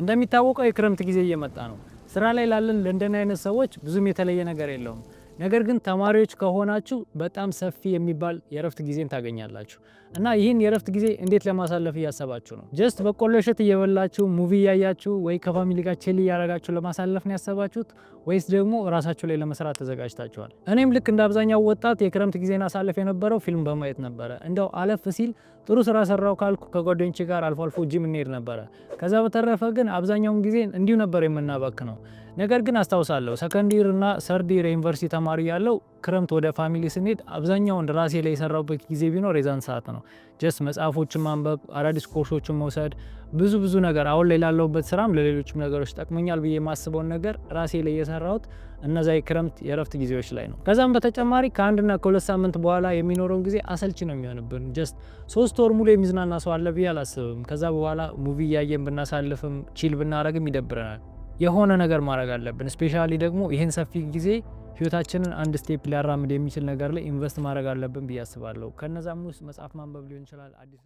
እንደሚታወቀው የክረምት ጊዜ እየመጣ ነው። ስራ ላይ ላለን ለእንደን አይነት ሰዎች ብዙም የተለየ ነገር የለውም። ነገር ግን ተማሪዎች ከሆናችሁ በጣም ሰፊ የሚባል የረፍት ጊዜን ታገኛላችሁ እና ይህን የረፍት ጊዜ እንዴት ለማሳለፍ እያሰባችሁ ነው? ጀስት በቆሎ እሸት እየበላችሁ ሙቪ እያያችሁ ወይ ከፋሚሊ ጋር ቼል እያረጋችሁ ለማሳለፍ ነው ያሰባችሁት ወይስ ደግሞ ራሳችሁ ላይ ለመስራት ተዘጋጅታችኋል? እኔም ልክ እንደ አብዛኛው ወጣት የክረምት ጊዜን አሳልፍ የነበረው ፊልም በማየት ነበረ። እንደው አለፍ ሲል ጥሩ ስራ ሰራው ካልኩ ከጓደኞቼ ጋር አልፎ አልፎ ጂም እንሄድ ነበረ። ከዛ በተረፈ ግን አብዛኛውን ጊዜ እንዲሁ ነበር የምናባክ ነው። ነገር ግን አስታውሳለሁ ሰከንዲር እና ሰርዲር ዩኒቨርሲቲ ተማሪ ያለው ክረምት ወደ ፋሚሊ ስንሄድ አብዛኛውን ራሴ ላይ የሰራበት ጊዜ ቢኖር የዛን ሰዓት ነው። ጀስት መጽሐፎችን ማንበብ፣ አዳዲስ ኮርሶችን መውሰድ፣ ብዙ ብዙ ነገር አሁን ላይ ላለሁበት ስራም ለሌሎችም ነገሮች ጠቅመኛል ብዬ የማስበውን ነገር ራሴ ላይ የሰራሁት እነዛ የክረምት የረፍት ጊዜዎች ላይ ነው። ከዛም በተጨማሪ ከአንድና ከሁለት ሳምንት በኋላ የሚኖረውን ጊዜ አሰልቺ ነው የሚሆንብን። ጀስት ሶስት ወር ሙሉ የሚዝናና ሰው አለ ብዬ አላስብም። ከዛ በኋላ ሙቪ እያየን ብናሳልፍም ቺል ብናረግም ይደብረናል። የሆነ ነገር ማድረግ አለብን። ስፔሻሊ ደግሞ ይህን ሰፊ ጊዜ ህይወታችንን አንድ ስቴፕ ሊያራምድ የሚችል ነገር ላይ ኢንቨስት ማድረግ አለብን ብዬ አስባለሁ። ከነዛም ውስጥ መጽሐፍ ማንበብ ሊሆን ይችላል አዲስ